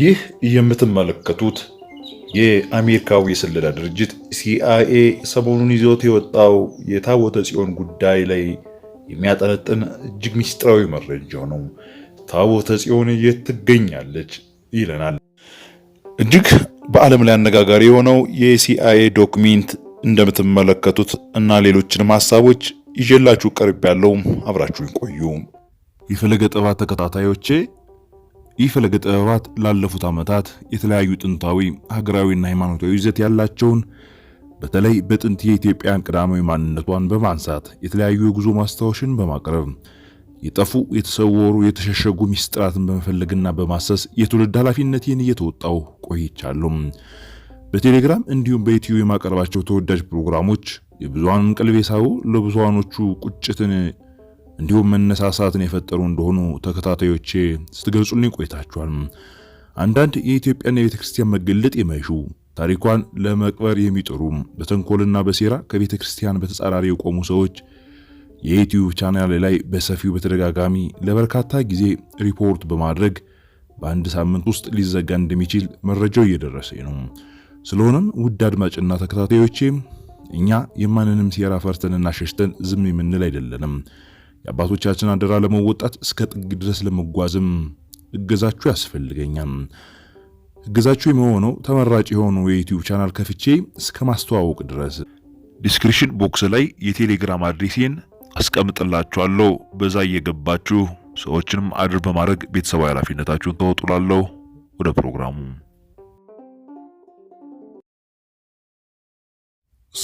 ይህ የምትመለከቱት የአሜሪካው የስለላ ድርጅት ሲአይኤ ሰሞኑን ይዞት የወጣው የታቦተ ጽዮን ጉዳይ ላይ የሚያጠነጥን እጅግ ምስጢራዊ መረጃ ነው። ታቦተ ጽዮን የት ትገኛለች ይለናል። እጅግ በዓለም ላይ አነጋጋሪ የሆነው የሲአይኤ ዶክሜንት እንደምትመለከቱት እና ሌሎችንም ሀሳቦች ይዤላችሁ ቀርብ ያለው አብራችሁ ይቆዩ። የፈለገ ጥበባት ተከታታዮቼ ይህ ፈለገ ጥበባት ላለፉት ዓመታት የተለያዩ ጥንታዊ ሀገራዊና ሃይማኖታዊ ይዘት ያላቸውን በተለይ በጥንት የኢትዮጵያን ቀዳማዊ ማንነቷን በማንሳት የተለያዩ የጉዞ ማስታወሻን በማቅረብ የጠፉ የተሰወሩ የተሸሸጉ ሚስጥራትን በመፈለግና በማሰስ የትውልድ ኃላፊነቴን እየተወጣው ቆይቻለሁ። በቴሌግራም እንዲሁም በዩቲዩ የማቀርባቸው ተወዳጅ ፕሮግራሞች የብዙሃኑን ቀልብ ሳቡ ለብዙሃኖቹ ቁጭትን እንዲሁም መነሳሳትን የፈጠሩ እንደሆኑ ተከታታዮቼ ስትገልጹልኝ ቆይታችኋል። አንዳንድ የኢትዮጵያን የቤተ ክርስቲያን መገለጥ የማይሹ ታሪኳን ለመቅበር የሚጥሩ በተንኮልና በሴራ ከቤተ ክርስቲያን በተጻራሪ የቆሙ ሰዎች የዩቲዩብ ቻናል ላይ በሰፊው በተደጋጋሚ ለበርካታ ጊዜ ሪፖርት በማድረግ በአንድ ሳምንት ውስጥ ሊዘጋ እንደሚችል መረጃው እየደረሰኝ ነው። ስለሆነም ውድ አድማጭና ተከታታዮቼ እኛ የማንንም ሴራ ፈርተንና ሸሽተን ዝም የምንል አይደለንም። የአባቶቻችን አደራ ለመወጣት እስከ ጥግ ድረስ ለመጓዝም እገዛችሁ ያስፈልገኛል። እገዛችሁ የሚሆነው ተመራጭ የሆኑ የዩቲዩብ ቻናል ከፍቼ እስከ ማስተዋወቅ ድረስ ዲስክሪፕሽን ቦክስ ላይ የቴሌግራም አድሬሴን አስቀምጥላችኋለሁ። በዛ እየገባችሁ ሰዎችንም አድር በማድረግ ቤተሰባዊ ኃላፊነታችሁን ተወጡላለሁ። ወደ ፕሮግራሙ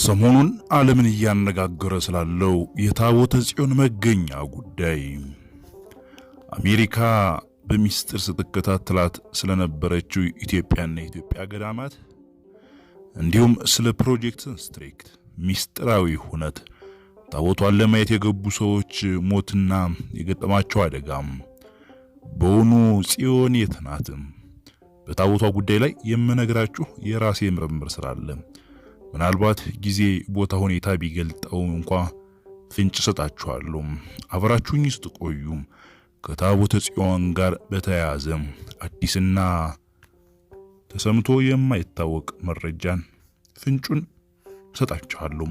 ሰሞኑን ዓለምን እያነጋገረ ስላለው የታቦተ ጽዮን መገኛ ጉዳይ አሜሪካ በሚስጥር ስትከታተላት ስለነበረችው ኢትዮጵያና የኢትዮጵያ ገዳማት እንዲሁም ስለ ፕሮጀክት ስትሪክት ሚስጥራዊ ሁነት ታቦቷን ለማየት የገቡ ሰዎች ሞትና የገጠማቸው አደጋም በውኑ ጽዮን የት ናት? በታቦቷ ጉዳይ ላይ የምነግራችሁ የራሴ ምርምር ስላለ ምናልባት ጊዜ ቦታ፣ ሁኔታ ቢገልጠው እንኳ ፍንጭ ሰጣችኋለሁ። አብራችሁኝ ስትቆዩ ከታቦተ ጽዮን ጋር በተያያዘ አዲስና ተሰምቶ የማይታወቅ መረጃን ፍንጩን ሰጣችኋለሁ።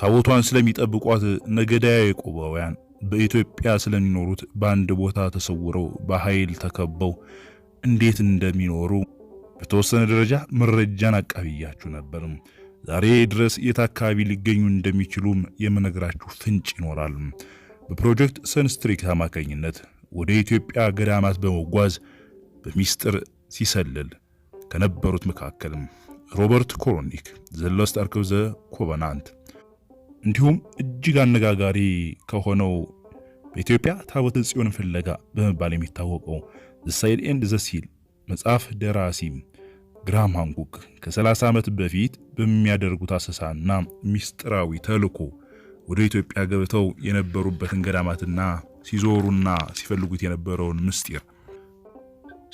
ታቦቷን ስለሚጠብቋት ነገዳያ ያዕቆባውያን በኢትዮጵያ ስለሚኖሩት በአንድ ቦታ ተሰውረው በኃይል ተከበው እንዴት እንደሚኖሩ በተወሰነ ደረጃ መረጃን አቀብያችሁ ነበር። ዛሬ ድረስ የት አካባቢ ሊገኙ እንደሚችሉም የምነግራችሁ ፍንጭ ይኖራል። በፕሮጀክት ሰንስትሪክ አማካኝነት ወደ ኢትዮጵያ ገዳማት በመጓዝ በሚስጥር ሲሰልል ከነበሩት መካከል ሮበርት ኮሮኒክ ዘለስት ሎስት ዘ ኮቨናንት እንዲሁም እጅግ አነጋጋሪ ከሆነው በኢትዮጵያ ታቦተ ጽዮን ፍለጋ በመባል የሚታወቀው ዘ ሳይል ኤንድ ዘ ሲል መጽሐፍ ደራሲም ግራም ሃንኮክ ከ30 ዓመት በፊት በሚያደርጉት አሰሳና ሚስጥራዊ ተልዕኮ ወደ ኢትዮጵያ ገብተው የነበሩበትን ገዳማትና ሲዞሩና ሲፈልጉት የነበረውን ምስጢር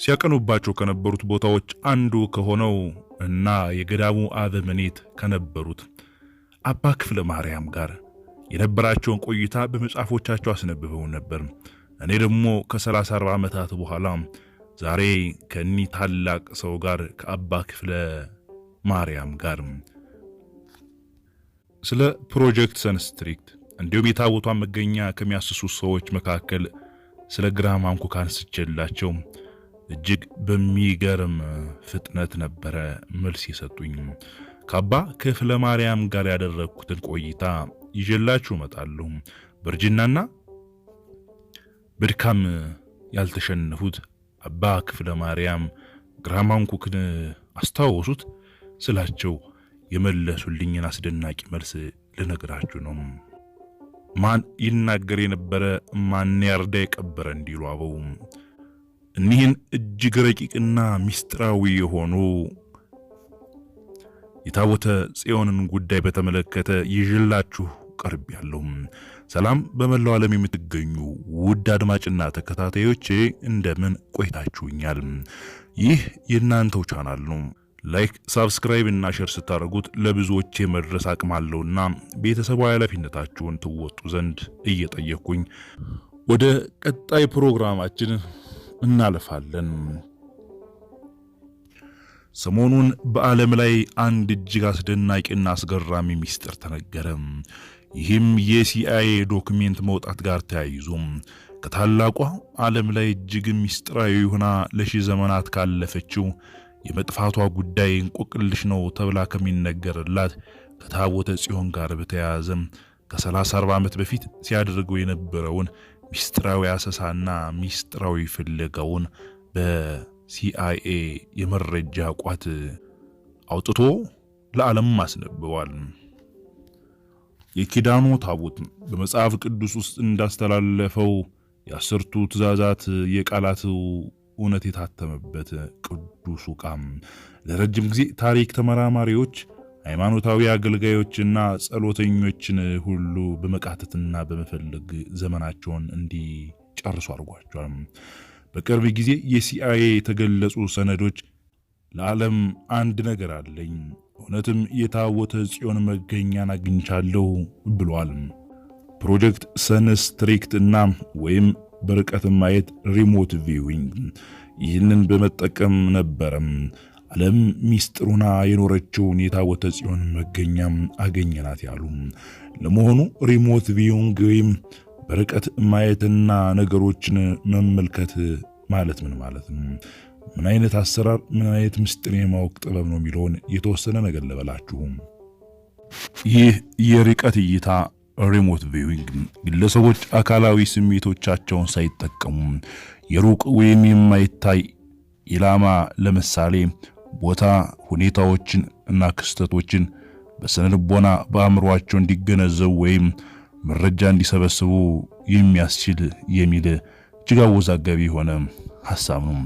ሲያቀኑባቸው ከነበሩት ቦታዎች አንዱ ከሆነው እና የገዳሙ አበምኔት ከነበሩት አባ ክፍለ ማርያም ጋር የነበራቸውን ቆይታ በመጽሐፎቻቸው አስነብበው ነበር። እኔ ደግሞ ከ30 40 ዓመታት በኋላ ዛሬ ከእኒህ ታላቅ ሰው ጋር ከአባ ክፍለ ማርያም ጋር ስለ ፕሮጀክት ሰንስትሪክት እንዲሁም የታቦቷን መገኛ ከሚያስሱ ሰዎች መካከል ስለ ግራም አንኩ ካንስቼላቸው እጅግ በሚገርም ፍጥነት ነበረ መልስ የሰጡኝ። ከአባ ክፍለ ማርያም ጋር ያደረግኩትን ቆይታ ይዤላችሁ እመጣለሁ። በእርጅናና በድካም ያልተሸነፉት አባ ክፍለ ማርያም ግራማንኩክን አስታወሱት ስላቸው የመለሱልኝን አስደናቂ መልስ ልነግራችሁ ነው። ማን ይናገር የነበረ ማን ያርዳ የቀበረ እንዲሉ አበው እኒህን እጅግ ረቂቅና ሚስጥራዊ የሆኑ የታቦተ ጽዮንን ጉዳይ በተመለከተ ይዥላችሁ ቀርብ ያለው ሰላም በመላው ዓለም የምትገኙ ውድ አድማጭና ተከታታዮቼ እንደምን ቆይታችሁኛል? ይህ የእናንተው ቻናል ነው። ላይክ፣ ሳብስክራይብ እና ሼር ስታደርጉት ለብዙዎች የመድረስ አቅም አለውና ቤተሰባዊ ኃላፊነታችሁን ትወጡ ዘንድ እየጠየኩኝ ወደ ቀጣይ ፕሮግራማችን እናልፋለን። ሰሞኑን በዓለም ላይ አንድ እጅግ አስደናቂና አስገራሚ ሚስጥር ተነገረ። ይህም የሲአይኤ ዶክሜንት መውጣት ጋር ተያይዞም ከታላቋ ዓለም ላይ እጅግ ሚስጥራዊ ሆና ለሺ ዘመናት ካለፈችው የመጥፋቷ ጉዳይ እንቆቅልሽ ነው ተብላ ከሚነገርላት ከታቦተ ጽዮን ጋር በተያያዘም ከ30 40 ዓመት በፊት ሲያደርገው የነበረውን ሚስጥራዊ አሰሳና ሚስጥራዊ ፍለጋውን በሲአይኤ የመረጃ ቋት አውጥቶ ለዓለም አስነብቧል። የኪዳኑ ታቦት በመጽሐፍ ቅዱስ ውስጥ እንዳስተላለፈው የአስርቱ ትእዛዛት የቃላት እውነት የታተመበት ቅዱስ ዕቃም ለረጅም ጊዜ ታሪክ ተመራማሪዎች፣ ሃይማኖታዊ አገልጋዮችና ጸሎተኞችን ሁሉ በመቃተትና በመፈለግ ዘመናቸውን እንዲጨርሱ አድርጓቸዋል። በቅርብ ጊዜ የሲአይኤ የተገለጹ ሰነዶች ለዓለም አንድ ነገር አለኝ እውነትም የታወተ ጽዮን መገኛን አግኝቻለሁ ብሏል። ፕሮጀክት ስትሪክት እና ወይም በርቀት ማየት ሪሞት ቪዊንግ ይህንን በመጠቀም ነበረም ዓለም ሚስጥሩና የኖረችውን የታወተ ጽዮን መገኛ አገኘናት ያሉ። ለመሆኑ ሪሞት ቪዩንግ ወይም በርቀት ማየትና ነገሮችን መመልከት ማለት ምን ማለት ነው? ምን አይነት አሰራር፣ ምን አይነት ምስጢር የማወቅ ጥበብ ነው የሚለውን የተወሰነ ነገር ልበላችሁም። ይህ የርቀት እይታ ሪሞት ቪዊንግ ግለሰቦች አካላዊ ስሜቶቻቸውን ሳይጠቀሙ የሩቅ ወይም የማይታይ ኢላማ ለምሳሌ ቦታ፣ ሁኔታዎችን እና ክስተቶችን በስነልቦና በአእምሯቸው እንዲገነዘቡ ወይም መረጃ እንዲሰበስቡ የሚያስችል የሚል እጅግ አወዛጋቢ የሆነ ሀሳብ ነው።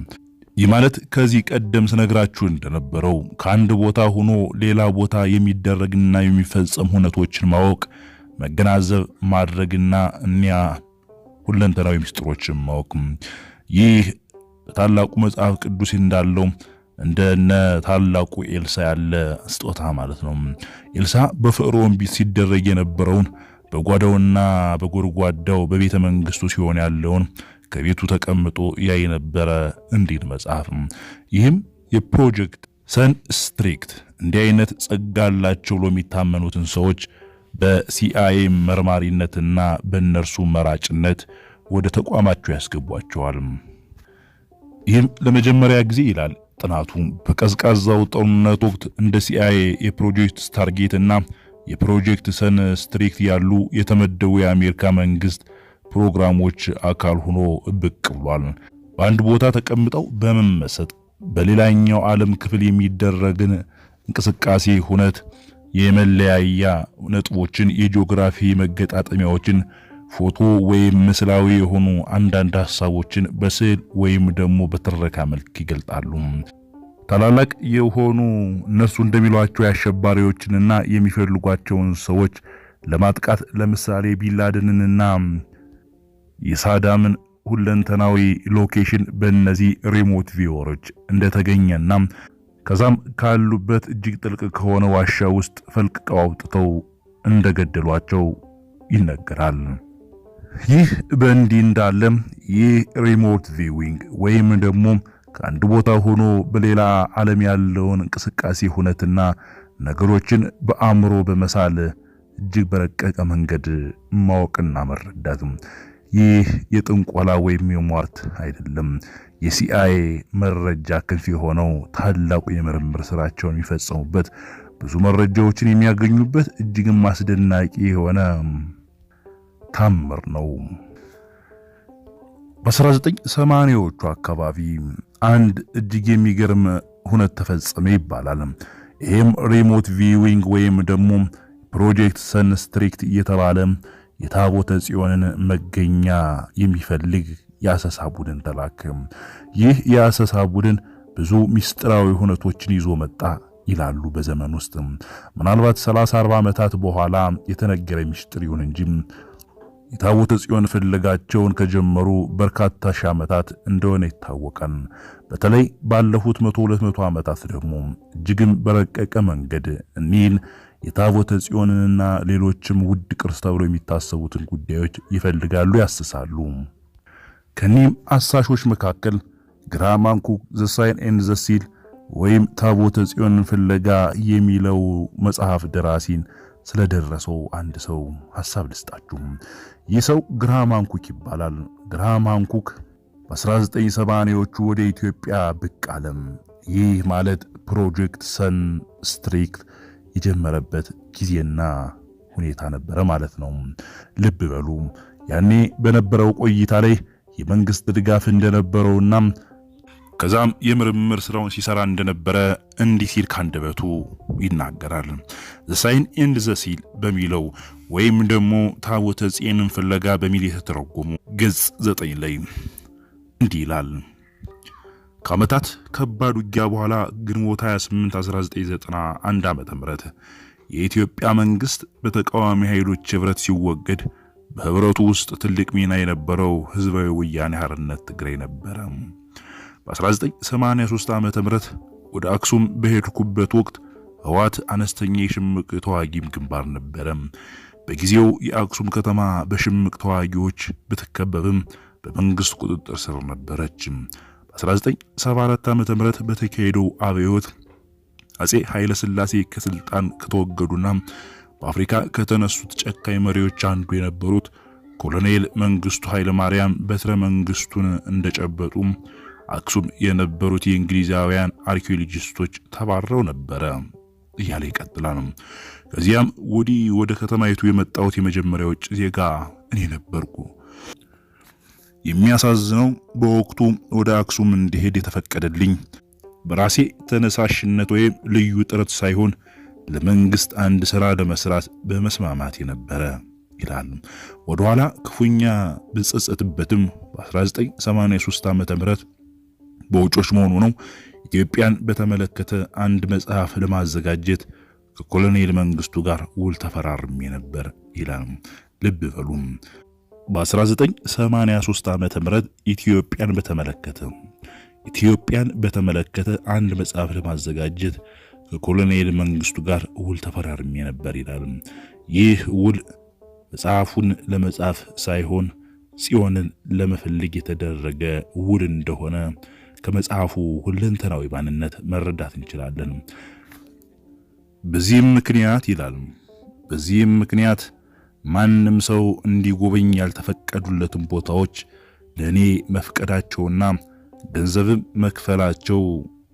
ይህ ማለት ከዚህ ቀደም ስነግራችሁ እንደነበረው ከአንድ ቦታ ሆኖ ሌላ ቦታ የሚደረግና የሚፈጸም ሁነቶችን ማወቅ፣ መገናዘብ፣ ማድረግና እኒያ ሁለንተናዊ ምስጢሮችን ማወቅ ይህ ታላቁ መጽሐፍ ቅዱስ እንዳለው እንደነ ታላቁ ኤልሳ ያለ ስጦታ ማለት ነው። ኤልሳ በፈርዖን ቤት ሲደረግ የነበረውን በጓዳውና በጎድጓዳው በቤተ መንግስቱ ሲሆን ያለውን ከቤቱ ተቀምጦ ያይ ነበረ እንዲል መጽሐፍ። ይህም የፕሮጀክት ሰን ስትሪክት እንዲህ አይነት ጸጋ አላቸው ብሎ የሚታመኑትን ሰዎች በሲአይኤ መርማሪነትና በእነርሱ መራጭነት ወደ ተቋማቸው ያስገቧቸዋል። ይህም ለመጀመሪያ ጊዜ ይላል ጥናቱ በቀዝቃዛው ጦርነት ወቅት እንደ ሲአይኤ የፕሮጀክት ስታርጌት እና የፕሮጀክት ሰን ስትሪክት ያሉ የተመደቡ የአሜሪካ መንግስት ፕሮግራሞች አካል ሆኖ ብቅ ብሏል። በአንድ ቦታ ተቀምጠው በመመሰጥ በሌላኛው ዓለም ክፍል የሚደረግን እንቅስቃሴ ሁነት የመለያያ ነጥቦችን የጂኦግራፊ መገጣጠሚያዎችን ፎቶ ወይም ምስላዊ የሆኑ አንዳንድ ሐሳቦችን በስዕል ወይም ደግሞ በትረካ መልክ ይገልጣሉ። ታላላቅ የሆኑ እነሱ እንደሚሏቸው የአሸባሪዎችንና የሚፈልጓቸውን ሰዎች ለማጥቃት ለምሳሌ ቢንላደንንና የሳዳምን ሁለንተናዊ ሎኬሽን በእነዚህ ሪሞት ቪወሮች እንደተገኘና ከዛም ካሉበት እጅግ ጥልቅ ከሆነ ዋሻ ውስጥ ፈልቅቀው አውጥተው እንደገደሏቸው ይነገራል። ይህ በእንዲህ እንዳለ ይህ ሪሞት ቪዊንግ ወይም ደግሞ ከአንድ ቦታ ሆኖ በሌላ ዓለም ያለውን እንቅስቃሴ ሁነትና ነገሮችን በአእምሮ በመሳል እጅግ በረቀቀ መንገድ ማወቅና መረዳትም ይህ የጥንቆላ ወይም የሟርት አይደለም። የሲአይኤ መረጃ ክንፍ የሆነው ታላቁ የምርምር ስራቸውን የሚፈጸሙበት ብዙ መረጃዎችን የሚያገኙበት እጅግም አስደናቂ የሆነ ታምር ነው። በ1980ዎቹ አካባቢ አንድ እጅግ የሚገርም ሁነት ተፈጸመ ይባላል። ይህም ሪሞት ቪዊንግ ወይም ደግሞ ፕሮጀክት ስትሪክት እየተባለ የታቦተ ጽዮንን መገኛ የሚፈልግ የአሰሳ ቡድን ተላከ። ይህ የአሰሳ ቡድን ብዙ ሚስጥራዊ ሁነቶችን ይዞ መጣ ይላሉ በዘመን ውስጥ ምናልባት 30 40 ዓመታት በኋላ የተነገረ ሚስጥር ይሁን እንጂ የታቦተ ጽዮን ፍለጋቸውን ከጀመሩ በርካታ ሺህ ዓመታት እንደሆነ ይታወቃል። በተለይ ባለፉት 100 200 ዓመታት ደግሞ እጅግም በረቀቀ መንገድ እኒህን የታቦተ ጽዮንንና ሌሎችም ውድ ቅርስ ተብሎ የሚታሰቡትን ጉዳዮች ይፈልጋሉ፣ ያስሳሉ። ከኒህም አሳሾች መካከል ግራማንኩ ዘሳይን ኤን ዘሲል ወይም ታቦተ ጽዮንን ፍለጋ የሚለው መጽሐፍ ደራሲን ስለደረሰው አንድ ሰው ሐሳብ ልስጣችሁ። ይህ ሰው ግራማንኩክ ይባላል። ግራማንኩክ በ1970ዎቹ ወደ ኢትዮጵያ ብቅ አለም። ይህ ማለት ፕሮጀክት ሰን ስትሪክት የጀመረበት ጊዜና ሁኔታ ነበረ ማለት ነው። ልብ በሉ ያኔ በነበረው ቆይታ ላይ የመንግስት ድጋፍ እንደነበረውና ከዛም የምርምር ስራውን ሲሰራ እንደነበረ እንዲህ ሲል ካንደበቱ ይናገራል። ዘ ሳይን ኤንድ ዘ ሲል በሚለው ወይም ደግሞ ታቦተ ጽዮንን ፍለጋ በሚል የተተረጎሙ ገጽ ዘጠኝ ላይ እንዲህ ይላል። ከዓመታት ከባድ ውጊያ በኋላ ግንቦት 28 1991 ዓመተ የኢትዮጵያ መንግስት በተቃዋሚ ኃይሎች ኅብረት ሲወገድ በህብረቱ ውስጥ ትልቅ ሚና የነበረው ህዝባዊ ወያኔ ሓርነት ትግራይ ነበረ። በ1983 ዓ ም ወደ አክሱም በሄድኩበት ወቅት ህዋት አነስተኛ የሽምቅ ተዋጊም ግንባር ነበረ። በጊዜው የአክሱም ከተማ በሽምቅ ተዋጊዎች ብትከበብም በመንግስት ቁጥጥር ስር ነበረችም። በ1974 ዓ ም በተካሄደው አብዮት አጼ ኃይለ ሥላሴ ከስልጣን ከተወገዱና በአፍሪካ ከተነሱት ጨካኝ መሪዎች አንዱ የነበሩት ኮሎኔል መንግስቱ ኃይለ ማርያም በትረ መንግስቱን እንደጨበጡ አክሱም የነበሩት የእንግሊዛውያን አርኪኦሎጂስቶች ተባረው ነበረ እያለ ይቀጥላል። ከዚያም ወዲህ ወደ ከተማይቱ የመጣሁት የመጀመሪያ ውጭ ዜጋ እኔ ነበርኩ። የሚያሳዝነው በወቅቱ ወደ አክሱም እንዲሄድ የተፈቀደልኝ በራሴ ተነሳሽነት ወይም ልዩ ጥረት ሳይሆን ለመንግስት አንድ ስራ ለመስራት በመስማማቴ ነበረ ይላል። ወደኋላ ክፉኛ ብጸጸትበትም በ1983 ዓ.ም በውጮች መሆኑ ነው ኢትዮጵያን በተመለከተ አንድ መጽሐፍ ለማዘጋጀት ከኮሎኔል መንግስቱ ጋር ውል ተፈራርሜ ነበር ይላል። ልብ በሉም በ1983 ዓ ም ኢትዮጵያን በተመለከተ ኢትዮጵያን በተመለከተ አንድ መጽሐፍ ለማዘጋጀት ከኮሎኔል መንግስቱ ጋር ውል ተፈራርሜ ነበር ይላል። ይህ ውል መጽሐፉን ለመጻፍ ሳይሆን ጽዮንን ለመፈለግ የተደረገ ውል እንደሆነ ከመጽሐፉ ሁለንተናዊ ማንነት መረዳት እንችላለን። በዚህም ምክንያት ይላል በዚህም ምክንያት ማንም ሰው እንዲጎበኝ ያልተፈቀዱለትን ቦታዎች ለእኔ መፍቀዳቸውና ገንዘብም መክፈላቸው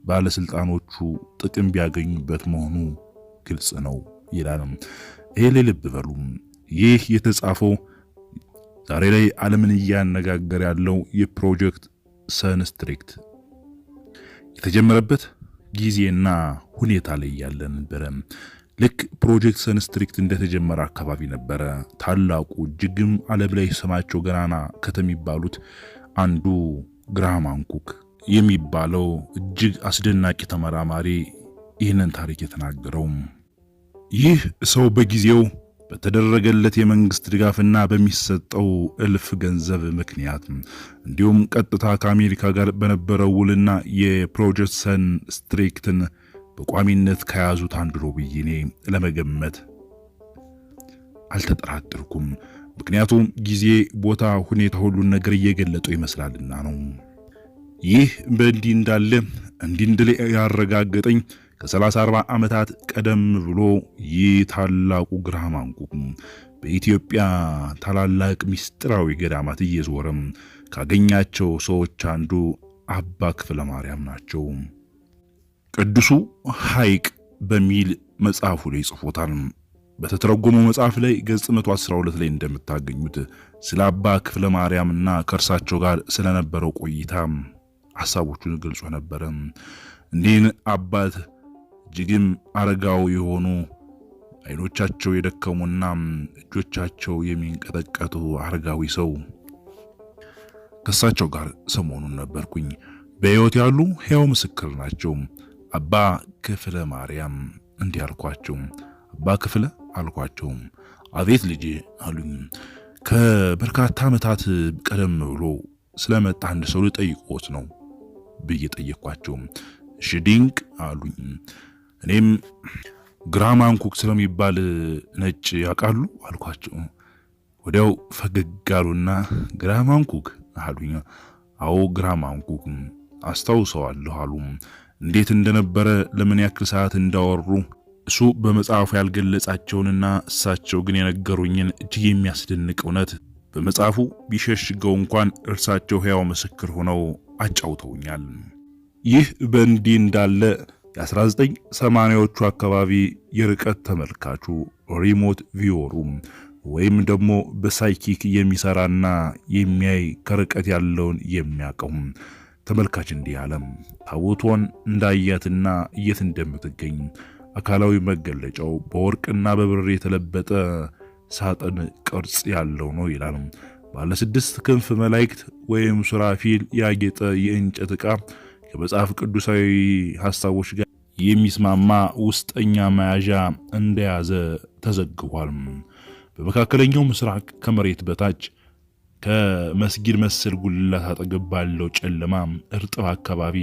ባለስልጣኖቹ ጥቅም ቢያገኙበት መሆኑ ግልጽ ነው ይላል። ይሄ ልብ በሉ። ይህ የተጻፈው ዛሬ ላይ ዓለምን እያነጋገር ያለው የፕሮጀክት ሰንስትሪክት የተጀመረበት ጊዜና ሁኔታ ላይ ያለ ነበረ። ልክ ፕሮጀክት ሰንስትሪክት እንደተጀመረ አካባቢ ነበረ ታላቁ እጅግም ዓለም ላይ ስማቸው ገናና ከተሚባሉት አንዱ ግራም አንኩክ የሚባለው እጅግ አስደናቂ ተመራማሪ ይህንን ታሪክ የተናገረው። ይህ ሰው በጊዜው በተደረገለት የመንግስት ድጋፍና በሚሰጠው እልፍ ገንዘብ ምክንያት እንዲሁም ቀጥታ ከአሜሪካ ጋር በነበረው ውልና የፕሮጀክት ሰን ስትሪክትን በቋሚነት ከያዙት አንዱ ነው ብዬ እኔ ለመገመት አልተጠራጠርኩም። ምክንያቱም ጊዜ፣ ቦታ፣ ሁኔታ ሁሉን ነገር እየገለጡ ይመስላልና ነው። ይህ በእንዲህ እንዳለ እንዲህ እንድል ያረጋገጠኝ ከሰላሳ አርባ ዓመታት ቀደም ብሎ ይህ ታላቁ ግርሃ ማንቁ በኢትዮጵያ ታላላቅ ምስጢራዊ ገዳማት እየዞረም ካገኛቸው ሰዎች አንዱ አባ ክፍለ ማርያም ናቸው። ቅዱሱ ሐይቅ በሚል መጽሐፉ ላይ ጽፎታል። በተተረጎመው መጽሐፍ ላይ ገጽ 112 ላይ እንደምታገኙት ስለ አባ ክፍለ ማርያምና ከእርሳቸው ጋር ስለነበረው ቆይታ ሐሳቦቹን ገልጾ ነበረ። እንዲህን አባት እጅግም አረጋው የሆኑ አይኖቻቸው የደከሙና እጆቻቸው የሚንቀጠቀጡ አረጋዊ ሰው ከእሳቸው ጋር ሰሞኑን ነበርኩኝ። በሕይወት ያሉ ሕያው ምስክር ናቸው። አባ ክፍለ ማርያም እንዲህ አልኳቸው። አባ ክፍለ አልኳቸው። አቤት ልጅ አሉኝ። ከበርካታ ዓመታት ቀደም ብሎ ስለመጣ አንድ ሰው ልጠይቅዎት ነው ብዬ ጠየቅኳቸው። እሺ ድንቅ አሉኝ። እኔም ግራማንኩክ ስለሚባል ነጭ ያውቃሉ አልኳቸው። ወዲያው ፈገግ አሉና ግራማንኩክ አሉኝ። አዎ ግራማንኩክ አስታውሰዋለሁ አሉ። እንዴት እንደነበረ ለምን ያክል ሰዓት እንዳወሩ እሱ በመጽሐፉ ያልገለጻቸውንና እሳቸው ግን የነገሩኝን እጅግ የሚያስደንቅ እውነት በመጽሐፉ ቢሸሽገው እንኳን እርሳቸው ሕያው ምስክር ሆነው አጫውተውኛል። ይህ በእንዲህ እንዳለ የ1980ዎቹ አካባቢ የርቀት ተመልካቹ ሪሞት ቪወሩ ወይም ደግሞ በሳይኪክ የሚሰራና የሚያይ ከርቀት ያለውን የሚያውቀው ተመልካች እንዲህ አለም። ታቦቷን እንዳያትና የት እንደምትገኝ አካላዊ መገለጫው በወርቅና በብር የተለበጠ ሳጥን ቅርጽ ያለው ነው ይላል። ባለ ስድስት ክንፍ መላእክት ወይም ሱራፊል ያጌጠ የእንጨት ዕቃ ከመጽሐፍ ቅዱሳዊ ሐሳቦች ጋር የሚስማማ ውስጠኛ መያዣ እንደያዘ ተዘግቧል። በመካከለኛው ምስራቅ ከመሬት በታች ከመስጊድ መሰል ጉልላት አጠገብ ባለው ጨለማ እርጥብ አካባቢ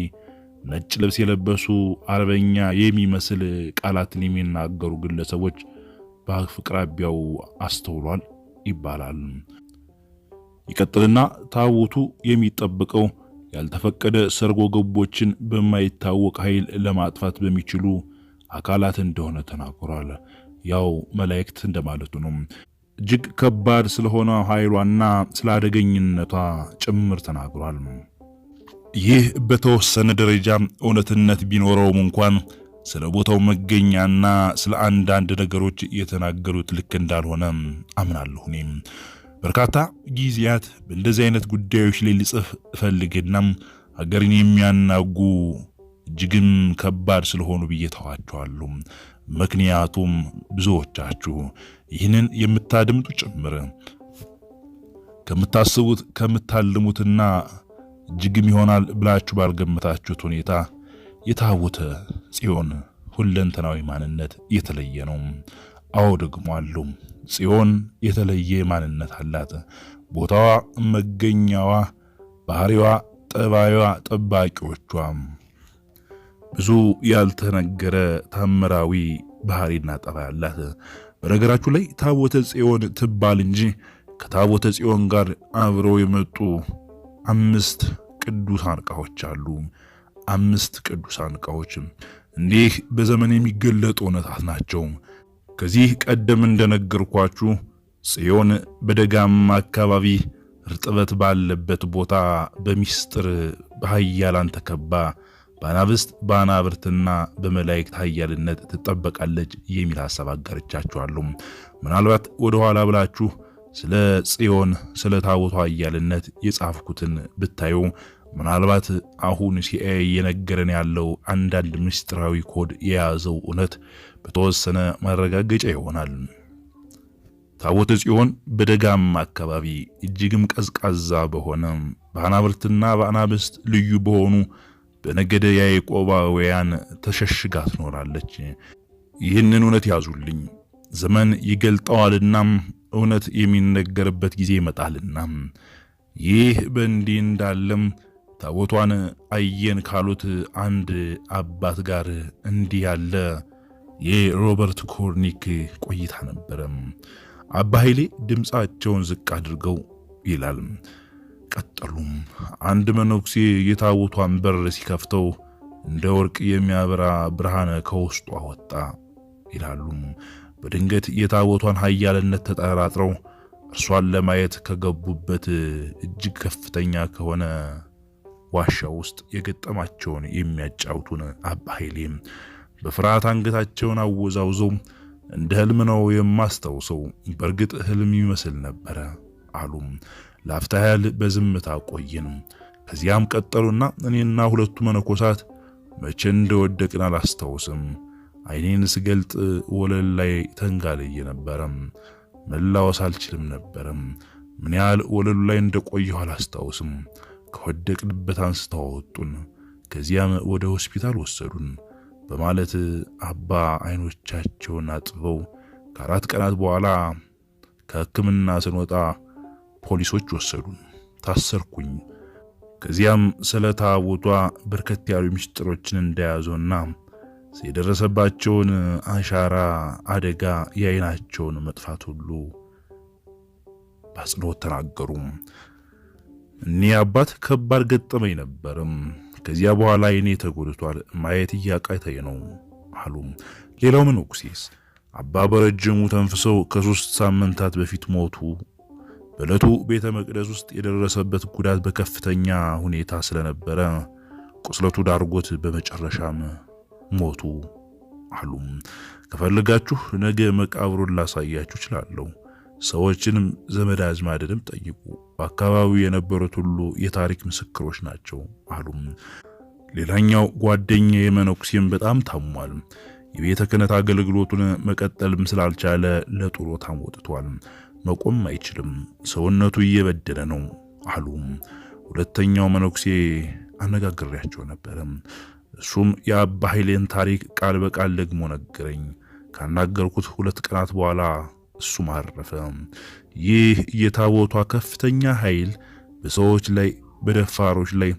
ነጭ ልብስ የለበሱ አርበኛ የሚመስል ቃላትን የሚናገሩ ግለሰቦች በአቅራቢያው አስተውሏል ይባላል። ይቀጥልና ታቦቱ የሚጠበቀው ያልተፈቀደ ሰርጎ ገቦችን በማይታወቅ ኃይል ለማጥፋት በሚችሉ አካላት እንደሆነ ተናግሯል። ያው መላእክት እንደማለቱ ነው። እጅግ ከባድ ስለሆነ ኃይሏና ስለ አደገኝነቷ ጭምር ተናግሯል። ይህ በተወሰነ ደረጃ እውነትነት ቢኖረውም እንኳን ስለ ቦታው መገኛና ስለ አንዳንድ ነገሮች የተናገሩት ልክ እንዳልሆነ አምናለሁ። እኔም በርካታ ጊዜያት በእንደዚህ አይነት ጉዳዮች ላይ ልጽፍ እፈልግና ሀገርን የሚያናጉ እጅግም ከባድ ስለሆኑ ብዬ ተዋቸዋለሁ። ምክንያቱም ብዙዎቻችሁ ይህንን የምታደምጡ ጭምር ከምታስቡት ከምታልሙትና እጅግም ይሆናል ብላችሁ ባልገመታችሁት ሁኔታ የታቦተ ጽዮን ሁለንተናዊ ማንነት የተለየ ነው። አዎ ደግሞ አሉ ጽዮን የተለየ ማንነት አላት። ቦታዋ፣ መገኛዋ፣ ባህሪዋ፣ ጠባዩዋ፣ ጠባቂዎቿ ብዙ ያልተነገረ ታምራዊ ባህሪና ጠባይ አላት። በነገራችሁ ላይ ታቦተ ጽዮን ትባል እንጂ ከታቦተ ጽዮን ጋር አብረው የመጡ አምስት ቅዱሳን ዕቃዎች አሉ። አምስት ቅዱሳን ዕቃዎችም እንዲህ በዘመን የሚገለጡ እውነታት ናቸው። ከዚህ ቀደም እንደነገርኳችሁ ጽዮን በደጋማ አካባቢ እርጥበት ባለበት ቦታ በሚስጥር በሃያላን ተከባ በአናብስት በአናብርትና በመላእክት ኃያልነት ትጠበቃለች የሚል ሐሳብ አጋርቻችኋለሁ። ምናልባት ወደ ኋላ ብላችሁ ስለ ጽዮን ስለ ታቦቷ ኃያልነት የጻፍኩትን ብታዩ ምናልባት አሁን ሲአይኤ እየነገረን ያለው አንዳንድ ምስጢራዊ ኮድ የያዘው እውነት በተወሰነ ማረጋገጫ ይሆናል። ታቦተ ጽዮን በደጋማ አካባቢ እጅግም ቀዝቃዛ በሆነ በአናብርትና በአናብስት ልዩ በሆኑ በነገደ ያዕቆባውያን ተሸሽጋ ትኖራለች። ይህንን እውነት ያዙልኝ። ዘመን ይገልጠዋልናም እውነት የሚነገርበት ጊዜ ይመጣልና። ይህ በእንዲህ እንዳለም ታቦቷን አየን ካሉት አንድ አባት ጋር እንዲህ ያለ የሮበርት ኮርኒክ ቆይታ ነበረም አባ ኃይሌ ድምፃቸውን ዝቅ አድርገው ይላል ቀጠሉም። አንድ መነኩሴ የታቦቷን በር ሲከፍተው እንደ ወርቅ የሚያበራ ብርሃን ከውስጡ አወጣ ይላሉም። በድንገት የታቦቷን ኃያልነት ተጠራጥረው እርሷን ለማየት ከገቡበት እጅግ ከፍተኛ ከሆነ ዋሻ ውስጥ የገጠማቸውን የሚያጫውቱን አባ ኃይሌም በፍርሃት አንገታቸውን አወዛውዘው እንደ ህልም ነው የማስታውሰው። በእርግጥ ህልም ይመስል ነበረ። አሉ። ለአፍታ ያህል በዝምታ ቆይን። ከዚያም ቀጠሉና እኔና ሁለቱ መነኮሳት መቼ እንደወደቅን አላስታውስም። አይኔን ስገልጥ ወለል ላይ ተንጋልዬ ነበረም። መላወስ አልችልም ነበረም። ምን ያህል ወለሉ ላይ እንደቆየሁ አላስታውስም። ከወደቅንበት አንስተው አወጡን። ከዚያም ወደ ሆስፒታል ወሰዱን በማለት አባ አይኖቻቸውን አጥበው ከአራት ቀናት በኋላ ከሕክምና ስንወጣ ፖሊሶች ወሰዱን። ታሰርኩኝ። ከዚያም ስለ ታቦቷ በርከት ያሉ ምስጢሮችን እንደያዙና የደረሰባቸውን አሻራ፣ አደጋ፣ የአይናቸውን መጥፋት ሁሉ በአጽንኦት ተናገሩ። እኒህ አባት ከባድ ገጠመኝ ነበርም። ከዚያ በኋላ አይኔ ተጎድቷል፣ ማየት እያቃተኝ ነው አሉ። ሌላው መነኩሴስ አባ በረጅሙ ተንፍሰው ከሶስት ሳምንታት በፊት ሞቱ በዕለቱ ቤተ መቅደስ ውስጥ የደረሰበት ጉዳት በከፍተኛ ሁኔታ ስለነበረ ቁስለቱ ዳርጎት በመጨረሻም ሞቱ አሉ። ከፈልጋችሁ ነገ መቃብሩን ላሳያችሁ እችላለሁ። ሰዎችንም ዘመድ አዝማድንም ጠይቁ። በአካባቢው የነበሩት ሁሉ የታሪክ ምስክሮች ናቸው አሉ። ሌላኛው ጓደኛ የመነኩሴም በጣም ታሟል። የቤተ ክህነት አገልግሎቱን መቀጠልም ስላልቻለ ለጡሮታም ወጥቷል። መቆም አይችልም፣ ሰውነቱ እየበደለ ነው አሉ። ሁለተኛው መነኩሴ አነጋግሬያቸው ነበረ። እሱም የአባ ኃይሌን ታሪክ ቃል በቃል ደግሞ ነገረኝ። ካናገርኩት ሁለት ቀናት በኋላ እሱም አረፈ። ይህ የታቦቷ ከፍተኛ ኃይል በሰዎች ላይ በደፋሮች ላይ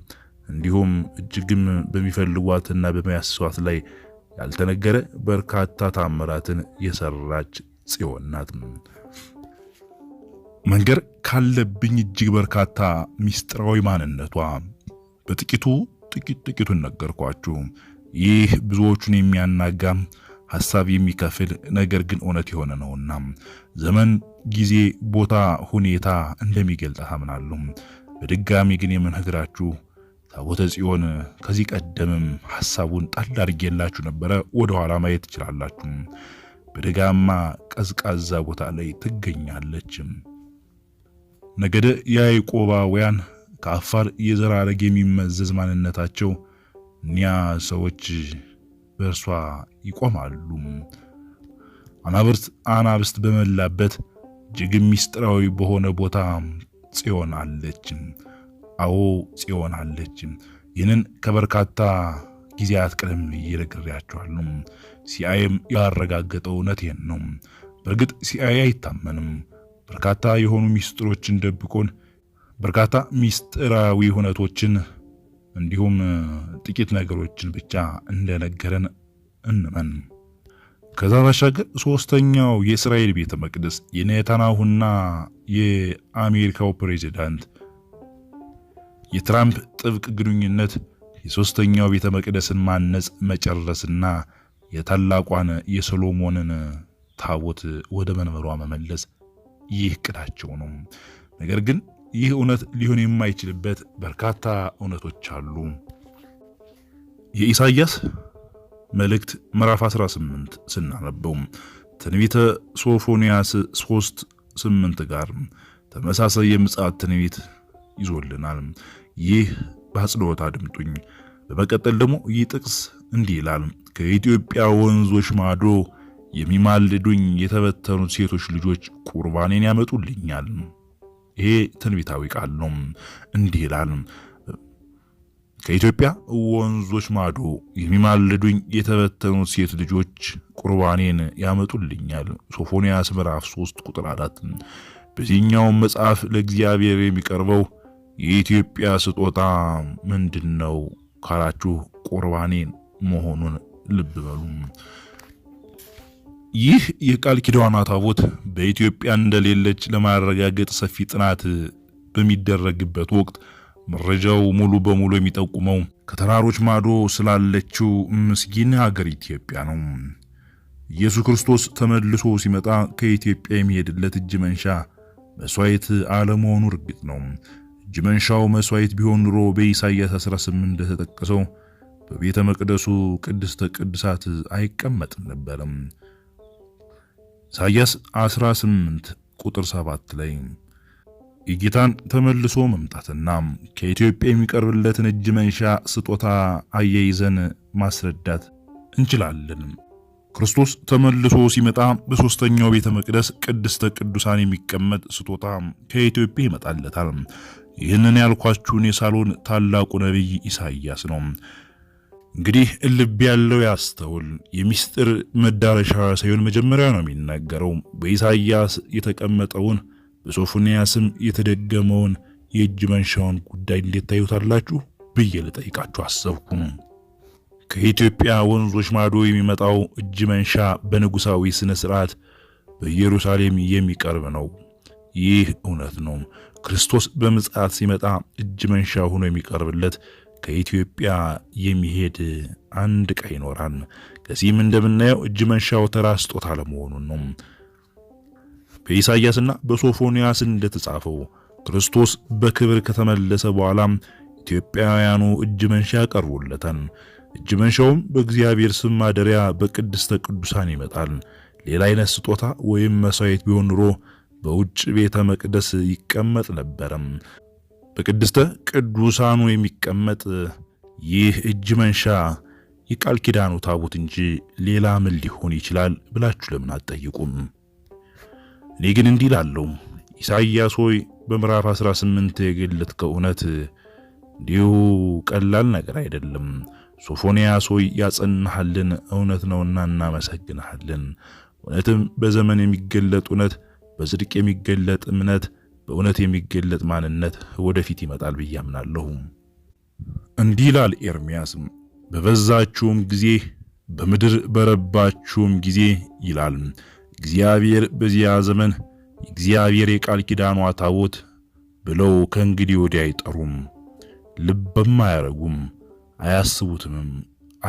እንዲሁም እጅግም በሚፈልጓትና በሚያስሷት ላይ ያልተነገረ በርካታ ታምራትን የሰራች ጽዮን ናት። መንገር ካለብኝ እጅግ በርካታ ሚስጥራዊ ማንነቷ በጥቂቱ ጥቂት ጥቂቱን ነገርኳችሁ። ይህ ብዙዎቹን የሚያናጋ ሐሳብ የሚከፍል ነገር ግን እውነት የሆነ ነውና ዘመን፣ ጊዜ፣ ቦታ፣ ሁኔታ እንደሚገልጣት አምናለሁ። በድጋሚ ግን የምነግራችሁ ታቦተ ጽዮን ከዚህ ቀደምም ሐሳቡን ጣል አድርጌላችሁ ነበረ። ወደኋላ ማየት ትችላላችሁ። በደጋማ ቀዝቃዛ ቦታ ላይ ትገኛለች። ነገደ ያዕቆባውያን ከአፋር የዘራረግ የሚመዘዝ ማንነታቸው ኒያ ሰዎች በእርሷ ይቆማሉ። አናብርት አናብስት በመላበት እጅግ ሚስጥራዊ በሆነ ቦታ ጽዮን አለች። አዎ ጽዮን አለች። ይህንን ከበርካታ ጊዜያት ቀደም ብዬ ነግሬያችኋለሁ። ያረጋገጠው እውነት ይህን ነው። በእርግጥ ሲአይ አይታመንም። በርካታ የሆኑ ሚስጥሮችን ደብቆን በርካታ ሚስጥራዊ ሁነቶችን እንዲሁም ጥቂት ነገሮችን ብቻ እንደነገረን እንመን። ከዛ ባሻገር ሶስተኛው የእስራኤል ቤተ መቅደስ የኔታናሁና የአሜሪካው ፕሬዚዳንት የትራምፕ ጥብቅ ግንኙነት የሶስተኛው ቤተ መቅደስን ማነጽ መጨረስና የታላቋን የሰሎሞንን ታቦት ወደ መንበሯ መመለስ ይህ ቅዳቸው ነው። ነገር ግን ይህ እውነት ሊሆን የማይችልበት በርካታ እውነቶች አሉ። የኢሳይያስ መልእክት ምዕራፍ 18 ስናነበው ትንቢተ ሶፎንያስ 3 8 ጋር ተመሳሳይ የምጽአት ትንቢት ይዞልናል። ይህ በአጽንኦት አድምጡኝ። በመቀጠል ደግሞ ይህ ጥቅስ እንዲህ ይላል፣ ከኢትዮጵያ ወንዞች ማዶ የሚማልዱኝ የተበተኑት ሴቶች ልጆች ቁርባኔን ያመጡልኛል። ይሄ ትንቢታዊ ቃል ነው። እንዲህ ይላል። ከኢትዮጵያ ወንዞች ማዶ የሚማልዱኝ የተበተኑት ሴት ልጆች ቁርባኔን ያመጡልኛል። ሶፎንያስ ምዕራፍ 3 ቁጥር 4። በዚህኛው መጽሐፍ ለእግዚአብሔር የሚቀርበው የኢትዮጵያ ስጦታ ምንድን ነው ካላችሁ ቁርባኔን መሆኑን ልብ በሉ። ይህ የቃል ኪዳኗ ታቦት በኢትዮጵያ እንደሌለች ለማረጋገጥ ሰፊ ጥናት በሚደረግበት ወቅት መረጃው ሙሉ በሙሉ የሚጠቁመው ከተራሮች ማዶ ስላለችው ምስጊን ሀገር ኢትዮጵያ ነው። ኢየሱስ ክርስቶስ ተመልሶ ሲመጣ ከኢትዮጵያ የሚሄድለት እጅ መንሻ መስዋዕት አለመሆኑ እርግጥ ነው። እጅ መንሻው መስዋዕት ቢሆን ኑሮ በኢሳይያስ 18 እንደተጠቀሰው በቤተ መቅደሱ ቅድስተ ቅድሳት አይቀመጥም ነበርም። ኢሳይያስ 18 ቁጥር 7 ላይ የጌታን ተመልሶ መምጣትና ከኢትዮጵያ የሚቀርብለትን እጅ መንሻ ስጦታ አያይዘን ማስረዳት እንችላለን። ክርስቶስ ተመልሶ ሲመጣ በሶስተኛው ቤተ መቅደስ ቅድስተ ቅዱሳን የሚቀመጥ ስጦታ ከኢትዮጵያ ይመጣለታል። ይህንን ያልኳችሁን የሳሎን ታላቁ ነቢይ ኢሳይያስ ነው። እንግዲህ ልብ ያለው ያስተውል። የሚስጥር መዳረሻ ሳይሆን መጀመሪያ ነው የሚናገረው። በኢሳይያስ የተቀመጠውን በሶፎንያስም የተደገመውን የእጅ መንሻውን ጉዳይ እንዴት ታዩታላችሁ ብዬ ልጠይቃችሁ አሰብኩ። ከኢትዮጵያ ወንዞች ማዶ የሚመጣው እጅ መንሻ በንጉሳዊ ስነ ስርዓት በኢየሩሳሌም የሚቀርብ ነው። ይህ እውነት ነው። ክርስቶስ በምጽአት ሲመጣ እጅ መንሻ ሆኖ የሚቀርብለት ከኢትዮጵያ የሚሄድ አንድ ቀይ ይኖራል። ከዚህም እንደምናየው እጅ መንሻው ተራ ስጦታ አለመሆኑን ነው። በኢሳይያስና በሶፎንያስ እንደተጻፈው ክርስቶስ በክብር ከተመለሰ በኋላ ኢትዮጵያውያኑ እጅ መንሻ ቀርቦለታል። እጅ መንሻውም በእግዚአብሔር ስም ማደሪያ በቅድስተ ቅዱሳን ይመጣል። ሌላ አይነት ስጦታ ወይም መሥዋዕት ቢሆን ኑሮ በውጭ ቤተ መቅደስ ይቀመጥ ነበረም። በቅድስተ ቅዱሳኑ የሚቀመጥ ይህ እጅ መንሻ የቃል ኪዳኑ ታቦት እንጂ ሌላ ምን ሊሆን ይችላል ብላችሁ ለምን አትጠይቁም? እኔ ግን እንዲህ ላለው ኢሳይያስ ሆይ በምዕራፍ 18 የገለጥከው እውነት እንዲሁ ቀላል ነገር አይደለም። ሶፎንያስ ሆይ ያጸናሃልን እውነት ነውና እናመሰግንሃለን። እውነትም በዘመን የሚገለጥ እውነት፣ በጽድቅ የሚገለጥ እምነት በእውነት የሚገለጥ ማንነት ወደፊት ይመጣል ብዬ አምናለሁ። እንዲህ ይላል ኤርሚያስ በበዛችሁም ጊዜ በምድር በረባችሁም ጊዜ ይላል እግዚአብሔር፣ በዚያ ዘመን እግዚአብሔር የቃል ኪዳኗ ታቦት ብለው ከእንግዲህ ወዲህ አይጠሩም፣ ልብም አያረጉም፣ አያስቡትምም፣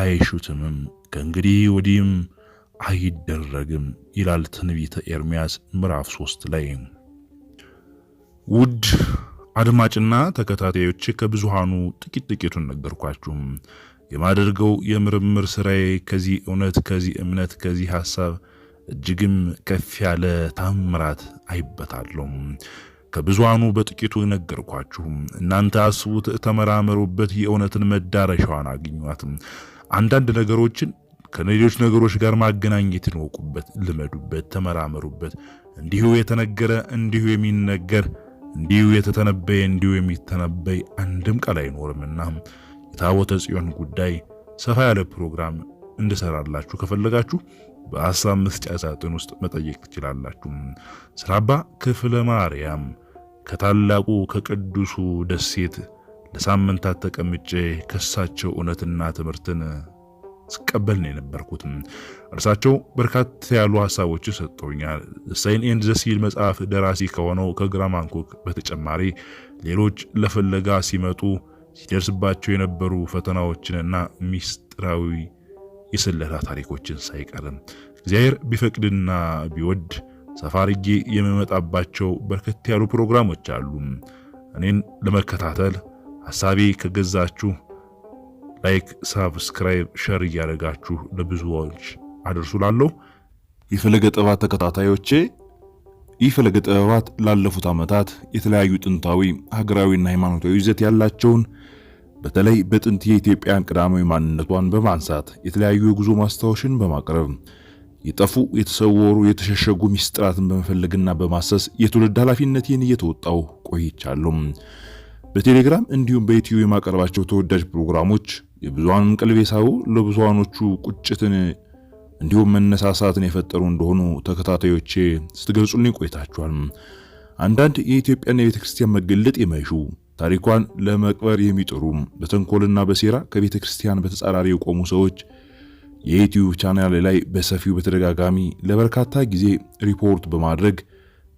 አይሹትምም፣ ከእንግዲህ ወዲህም አይደረግም ይላል ትንቢተ ኤርሚያስ ምዕራፍ 3 ላይ። ውድ አድማጭና ተከታታዮች ከብዙሃኑ ጥቂት ጥቂቱን ነገርኳችሁም የማደርገው የምርምር ስራዬ ከዚህ እውነት፣ ከዚህ እምነት፣ ከዚህ ሐሳብ እጅግም ከፍ ያለ ታምራት አይበታለሁም። ከብዙሃኑ በጥቂቱ ነገርኳችሁ። እናንተ አስቡት፣ ተመራመሩበት፣ የእውነትን መዳረሻዋን አግኟት። አንዳንድ ነገሮችን ከሌሎች ነገሮች ጋር ማገናኘት ወቁበት፣ ልመዱበት፣ ተመራመሩበት። እንዲሁ የተነገረ እንዲሁ የሚነገር እንዲሁ የተተነበየ እንዲሁ የሚተነበይ አንድም ቃል አይኖርምና የታቦተ ጽዮን ጉዳይ ሰፋ ያለ ፕሮግራም እንድሰራላችሁ ከፈለጋችሁ በ አምስት ጫ ሳጥን ውስጥ መጠየቅ ትችላላችሁ። ስለ አባ ክፍለ ማርያም ከታላቁ ከቅዱሱ ደሴት ለሳምንታት ተቀምጬ ከሳቸው እውነትና ትምህርትን ስቀበል ነው የነበርኩት። እርሳቸው በርካታ ያሉ ሀሳቦች ሰጥተውኛል። ሳይን ኤንድ ዘሲል መጽሐፍ ደራሲ ከሆነው ከግራማንኮክ በተጨማሪ ሌሎች ለፍለጋ ሲመጡ ሲደርስባቸው የነበሩ ፈተናዎችንና ሚስጥራዊ የስለላ ታሪኮችን ሳይቀርም እግዚአብሔር ቢፈቅድና ቢወድ ሰፋርጌ የምመጣባቸው በርከት ያሉ ፕሮግራሞች አሉ። እኔን ለመከታተል ሀሳቤ ከገዛችሁ ላይክ፣ ሳብስክራይብ፣ ሸር እያደረጋችሁ ለብዙዎች አደርሱላለሁ። የፈለገ ጥበባት ተከታታዮቼ ይህ ፈለገ ጥበባት ላለፉት ዓመታት የተለያዩ ጥንታዊ ሀገራዊና ሃይማኖታዊ ይዘት ያላቸውን በተለይ በጥንት የኢትዮጵያን ቀዳማዊ ማንነቷን በማንሳት የተለያዩ የጉዞ ማስታወሻን በማቅረብ የጠፉ የተሰወሩ የተሸሸጉ ሚስጥራትን በመፈለግና በማሰስ የትውልድ ኃላፊነቴን እየተወጣው ቆይቻለሁ። በቴሌግራም እንዲሁም በዩቲዩብ የማቀርባቸው ተወዳጅ ፕሮግራሞች የብዙሃኑን ቀልብ የሳቡ ለብዙሃኖቹ ቁጭትን እንዲሁም መነሳሳትን የፈጠሩ እንደሆኑ ተከታታዮቼ ስትገልጹልኝ ቆይታችኋል። አንዳንድ የኢትዮጵያና የቤተ ክርስቲያን መገለጥ የማይሹ ታሪኳን ለመቅበር የሚጥሩ በተንኮልና በሴራ ከቤተ ክርስቲያን በተጻራሪ የቆሙ ሰዎች የዩቲዩብ ቻናል ላይ በሰፊው በተደጋጋሚ ለበርካታ ጊዜ ሪፖርት በማድረግ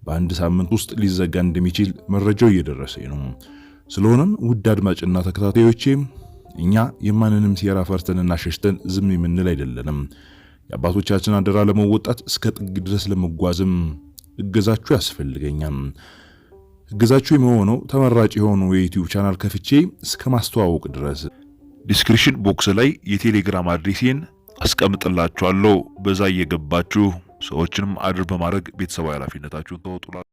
በአንድ ሳምንት ውስጥ ሊዘጋ እንደሚችል መረጃው እየደረሰ ነው። ስለሆነም ውድ አድማጭና ተከታታዮቼ እኛ የማንንም ሴራ ፈርተንና ሸሽተን ዝም የምንል አይደለንም። የአባቶቻችን አደራ ለመወጣት እስከ ጥግ ድረስ ለመጓዝም እገዛችሁ ያስፈልገኛል። እገዛችሁ የሚሆነው ተመራጭ የሆኑ የዩቲዩብ ቻናል ከፍቼ እስከ ማስተዋወቅ ድረስ ዲስክሪፕሽን ቦክስ ላይ የቴሌግራም አድሬሴን አስቀምጥላችኋለሁ። በዛ እየገባችሁ ሰዎችንም አድር በማድረግ ቤተሰባዊ ኃላፊነታችሁን ተወጡላል።